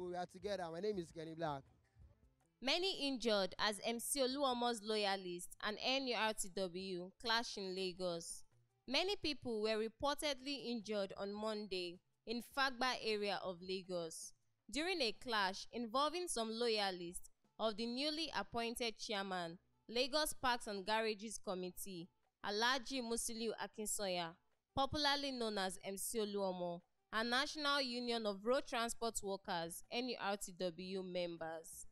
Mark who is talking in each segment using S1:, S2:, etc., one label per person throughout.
S1: We are together. My name is Kenny Black. Many injured as MC Oluomo's loyalists and NURTW clash in Lagos. Many people were reportedly injured on Monday in Fagba area of Lagos during a clash involving some loyalists of the newly appointed chairman, Lagos Parks and Garages Committee, Alaji Musiliu Akinsoya, popularly known as MC Oluomo, and National Union of Road Transport Workers NURTW members.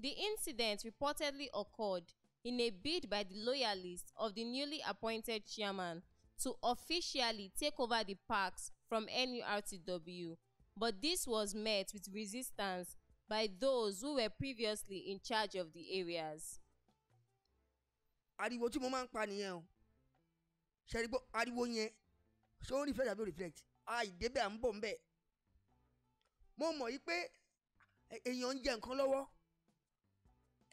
S1: The incident reportedly occurred in a bid by the loyalists of the newly appointed chairman to officially take over the parks from NURTW, but this was met with resistance by those who were previously in charge of the areas.
S2: ariwo tí mo máa ń pa nìyẹn o ṣe ariwo yẹn ṣé ó reflect àbí ó reflect àìdébẹ̀ à ń bọ̀ ńbẹ̀ mo mọ̀ yí pé èèyàn ń jẹ nǹkan lọ́wọ́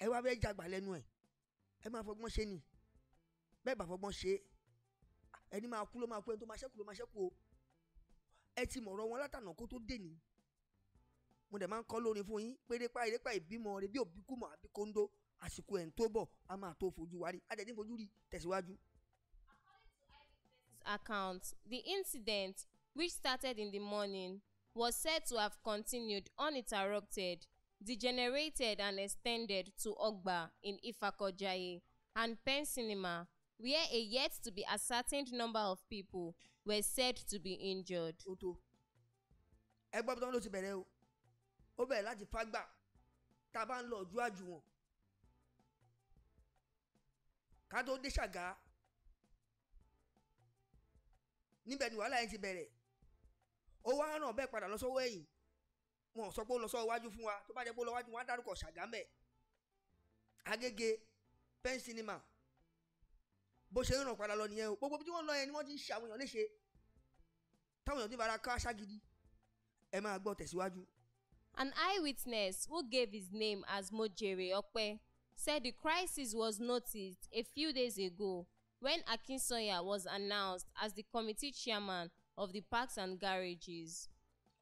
S2: ẹ wá fẹ́ẹ́ jagbà lẹ́nu ẹ̀ ẹ máa fọgbọ́n ṣe ni bẹ́ẹ̀ bá fọgbọ́n ṣe ẹni máa kú ló máa kú ẹni tó máa ṣẹ́kù ló máa ṣẹ́kù o ẹ ti mọ̀rọ̀ wọn látànà kó tó dè ní mo dẹ̀ máa ń kọ́ lórin fún yín pérépa ìrépa ìbímọ rẹ bí òbí àbí kóńdó àsìkò ẹ̀ ń tó bọ̀ a máa tó fojú wa rí a dẹ̀ ní fojú rí tẹ̀síwájú.
S1: account the incident which started in the morning, was said to have continued uninterrupted, degenerated and extended to Ogba in Ifakojaye and Pen Cinema, where a yet to be ascertained number of people
S2: were said to be injured. Oto ẹ gbọ́ bí wọ́n ló ti bẹ̀rẹ̀ o ó bẹ̀rẹ̀ láti fágbà tá a bá ń lọ ojú àjùwọ̀n ká tó dé ṣàgá níbẹ̀ ni wàhálà yẹn ti bẹ̀rẹ̀ ó wá ràn bẹ́ẹ̀ padà lọ sọ́wọ́ ẹ̀yìn wọn ò sọ pé ó lọ sọ́wọ́ iwájú fún wa tó bá jẹ́ pé ó lọ wájú wọn á dárúkọ ṣàgámẹ̀ agége pen cinema bó ṣe ràn padà lọ nìyẹn o gbogbo bí wọ́n lọ yẹn ni wọ́n ti ń ṣe àwọn èèyàn léṣe táwọn èèyàn ti bára ká ṣágidi ẹ máa gbọ́ tẹ̀síwájú.
S1: An eyewitness who gave his name as Mojere Ope said the crisis was noticed a few days ago when Akinsanya was announced as the committee chairman of the parks and garages.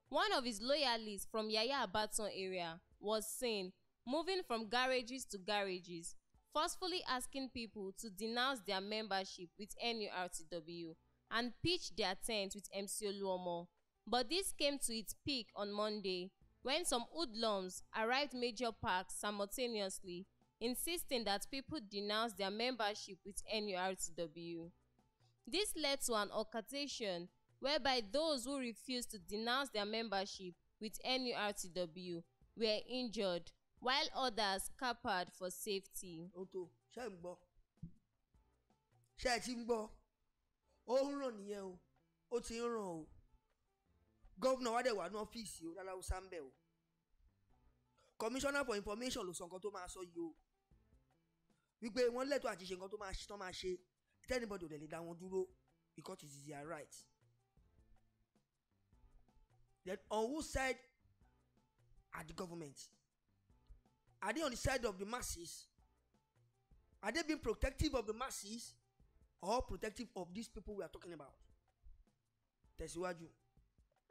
S1: One of his loyalists from Yaya Abaton area was seen moving from garages to garages, forcefully asking people to denounce their membership with NURTW and pitch their tent with MCO Oluomo. But this came to its peak on Monday when some hoodlums arrived major parks simultaneously, insisting that people denounce their membership with NURTW. This led to an altercation whereby those who refused to denounce their membership with NURTW were injured while others capered for safety. oto ṣe
S2: ń gbọ́ ṣe ẹ ti ń gbọ́ ó ń ràn nìyẹn o ó ti ń ràn o gómìnà wa dẹ̀ wà ní ọ́fíìsì o láláwo sáńbẹ̀ o commissioner for information ló sọ nǹkan tó máa sọ yìí o wípé wọ́n lẹ́tọ̀ọ́ àti ṣe nǹkan tó máa ṣe tán máa ṣe tẹ́nibọ̀dì ò lè dá wọn dúró because it is their right. Then on whose side are the government? Are they on the side of the masses? Are they being protective of the masses or protective of these people we are talking about? Tẹ̀síwájú.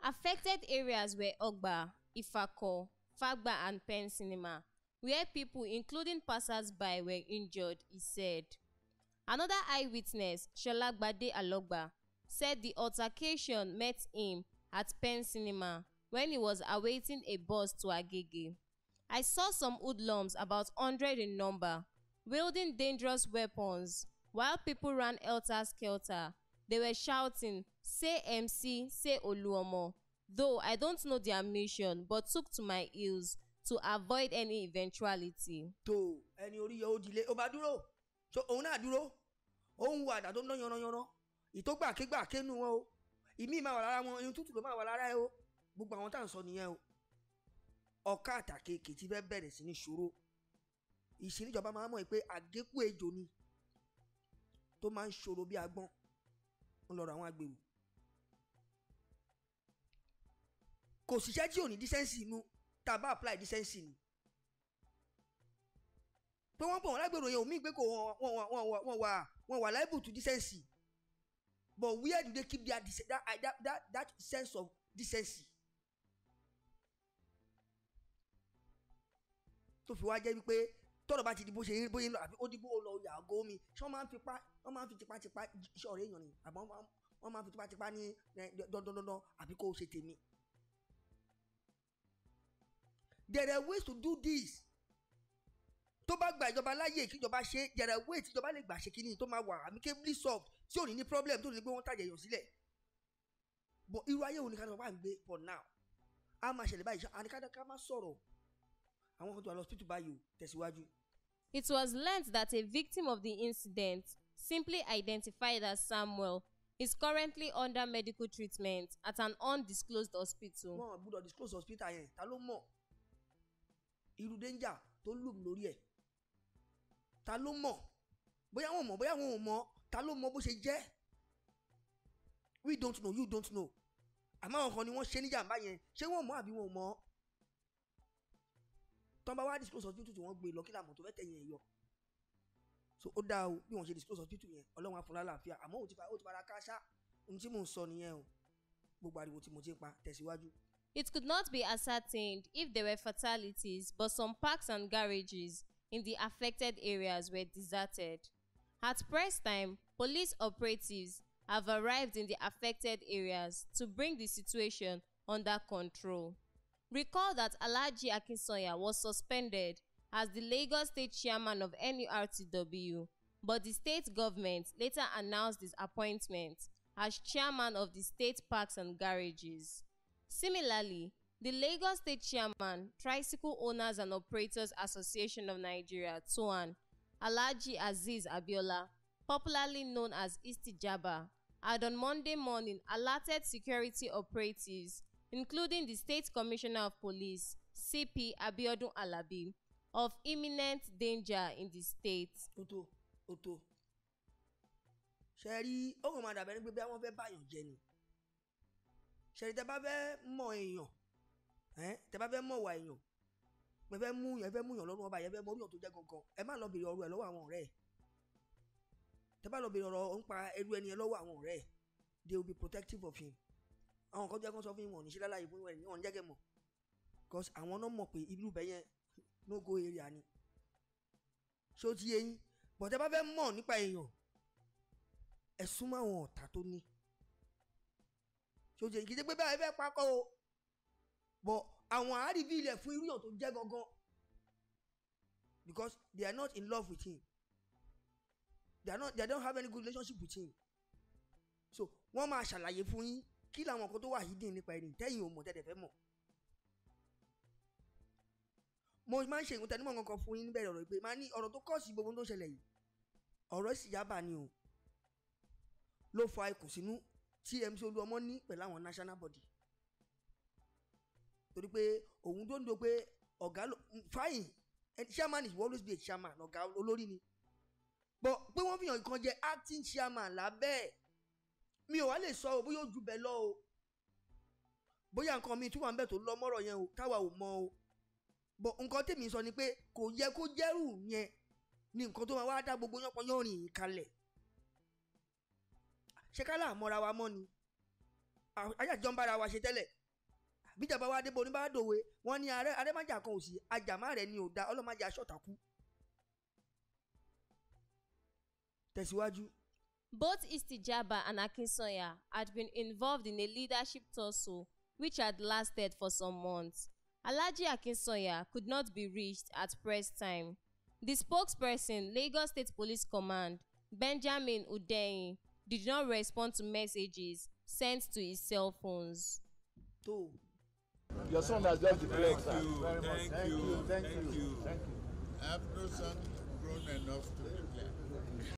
S1: Affected areas were Ogba, Ifako, Fagba and Pen Cinema, where people including passers-by were injured, he said. Another eyewitness, Sholagbade Alogba, said the altercation met him at Penn Cinema when he was awaiting a bus to Agege. I saw some hoodlums, about hundred in number, wielding dangerous weapons while people ran helter-skelter. They were shouting, Say MC, say Oluomo. Though I don't know their mission, but took to my heels to avoid any eventuality. tó
S2: ẹni orí yẹ ó dilé ó bá dúró òun náà dúró òun wo àdá tó yanranyanran ìtógbàkégbàké nù wọn o ìmí máa wà lára wọn irun tútù ló máa wà lára ẹ o gbogbo àwọn tá à ń sọ nìyẹn o ọ̀ka àtàkèké ti fẹ́ bẹ̀rẹ̀ sí ní ṣòro ìṣèníjọba máa mọ̀ pé àgékù ejò ni tó máa ń ṣòro bí agbọ́n ń lọ́rọ̀ àwọn agbèrò kò síṣẹ́ tí ò ní dísẹ́ǹsì inú tá a bá apply dísẹ́ǹsì ni pé wọ́n pọ̀ wọ́n lágbèrò yẹn ò pé kò wọ́n wà wọ́n wà dísẹ́ǹsì But where do they keep their that, that, that, that sense of decency? tó fi wá jẹ́ wípé tọ́lọ̀ bá ti di bó ṣe bóyá lọ àbí ó di bó lọ ìyá àgọ́ omi ṣé wọ́n máa ń fipá wọ́n máa ń fi tipátipá ṣe ọ̀rẹ́ èèyàn ni àbí wọ́n máa ń fi tipátipá ní dandandandan àbí kó o ṣe tèmi. there are ways to do this tó bá gba ìjọba láyè kíjọba ṣe there are ways tíjọba lè gbà ṣe kíní tó máa wà amicably solved tí ò ní ní problem tó ní pé wọ́n tàjẹ̀ yàn sílẹ̀ but irú ayé òní kátó wà ń gbé for now a máa ṣẹlẹ̀ báyìí àní kátó ká má sọ̀rọ̀ àwọn kan tó wà lọ hospital báyìí o tẹ̀síwájú.
S1: It was learnt that a victim of the incident, simply identified as Samuel, is currently under medical treatment at an undisclosed hospital. wọn
S2: gbúdọ̀ disclose hospital yẹn ta ló mọ̀ irú danger tó lùm lórí ẹ̀ ta ló mọ̀ bóyá wọn mọ̀ bóyá wọn ò mọ̀ ta ló mọ bó ṣe jẹ́ we don't know you don't know àmọ́ àwọn kan ni wọ́n ṣe níjàmbá yẹn ṣé wọ́n mọ̀ àbí wọn mọ̀ tán wá disclose hospital tí wọ́n gbé e lọ kí làmọ̀ tó fẹ́ tẹ̀yìn ẹ̀yọ so ó dáa o bí wọ́n ṣe disclose hospital yẹn ọlọ́run á fún lálàáfíà àmọ́ ó ti fara káṣá ohun tí mò ń sọ nìyẹn o gbogbo ariwo tí mo ti ń pa tẹ̀síwájú.
S1: It could not be ascertained if there were fatalities, but some parks and garages in the affected areas were deserted. At press time, Police operatives have arrived in the affected areas to bring the situation under control. Recall that Alhaji Akinsanya was suspended as the Lagos State Chairman of NURTW, but the state government later announced his appointment as Chairman of the State Parks and Garages. Similarly, the Lagos State Chairman, Tricycle Owners and Operators Association of Nigeria, TOAN, Alhaji Aziz Abiola, popularly known as Istijaba, had on Monday morning alerted security operatives, including the State Commissioner of Police, CP Abiodun Alabi, of imminent danger in the state. Oto
S2: Oto ṣe rí máa dàbẹ́ ní pé bí wọ́n fẹ́ jẹ ni ṣe tẹ bá fẹ́ mọ èèyàn tẹ bá fẹ́ mọ wà èèyàn pẹ fẹ́ mú yẹn fẹ́ mú yàn lọ́rùn ọba yẹn fẹ́ mọ orí tó jẹ́ gangan ẹ má lọ bèrè ọ̀rọ̀ ẹ lọ́wọ́ àwọn ọ̀rẹ́ ẹ̀ tẹ́bá lọ bèrè ọ̀rọ̀ ń pa ẹrú ẹni ẹ lọ́wọ́ àwọn ọ̀rẹ́ ẹ̀ they will be protective of him àwọn kan jẹ́ kó sọ fún wọn níṣẹ́ láláyé fún wọn wọn jẹ́gẹ̀ mọ̀ because àwọn náà mọ̀ pé irú bẹ́ẹ̀ yẹn no go area ni ṣé ó ti yé yín but tẹ́bá fẹ́ mọ̀ nípa èèyàn ẹ súnmọ́ àwọn ọ̀tá tó ní ṣé ó ti yé kìí ṣe pé bẹ́ẹ̀ fẹ́ pakọ́ o but àwọn àárí bí ilẹ̀ fún irú yàn tó jẹ́ gangan because they are not in love with him they are not they don't have any good relationship with him so wọ́n máa ṣàlàyé fún yín kí làwọn nǹkan tó wà hidden nípa ẹni tẹ́yìn ò mọ̀ tẹ́tẹ̀ fẹ́ mọ̀ mo máa ń ṣe ìwọ̀n tẹnumọ́ kankan fún yín níbẹ̀rẹ̀ ọ̀rọ̀ pé máa ní ọ̀rọ̀ tó kọ́ sí gbogbo tó ṣẹlẹ̀ yìí ọ̀rọ̀ sì yábà ni o ló fa ikùn sínú tí MC Olúọmọ ní pẹ̀lú àwọn national body torí pé òun tó ń do pé ọ̀gá fáyìn chairman is always be a chairman ọ̀gá olórí ni bọ́n pé wọ́n fi hàn nǹkan jẹ acting chairman lábẹ́ mi ò wá lè sọ o bóyá ó ju lọ o bóyá nǹkan mi tún ń tó lọ mọ́rọ̀ yẹn o ò mọ o bọ̀ nǹkan tèmi sọ ni pé kò yẹ kó jẹrù yẹn ni nǹkan tó máa wá dá gbogbo yánpọnyán kalẹ̀ ṣé ká wa ni ajájọ́ wa ṣe tẹ́lẹ̀ wa ní kan ò ni ò tẹ̀síwájú.
S1: Both Istijaba and Akinsanya had been involved in a leadership tussle which had lasted for some months. Alhaji Akinsanya could not be reached at press time. The spokesperson, Lagos State Police Command, Benjamin Udeyin, did not respond to messages sent to his cell phones. Two.
S2: Your son has just declared. Thank,
S1: thank, thank, thank you, thank you, thank you.
S2: I have no son grown enough to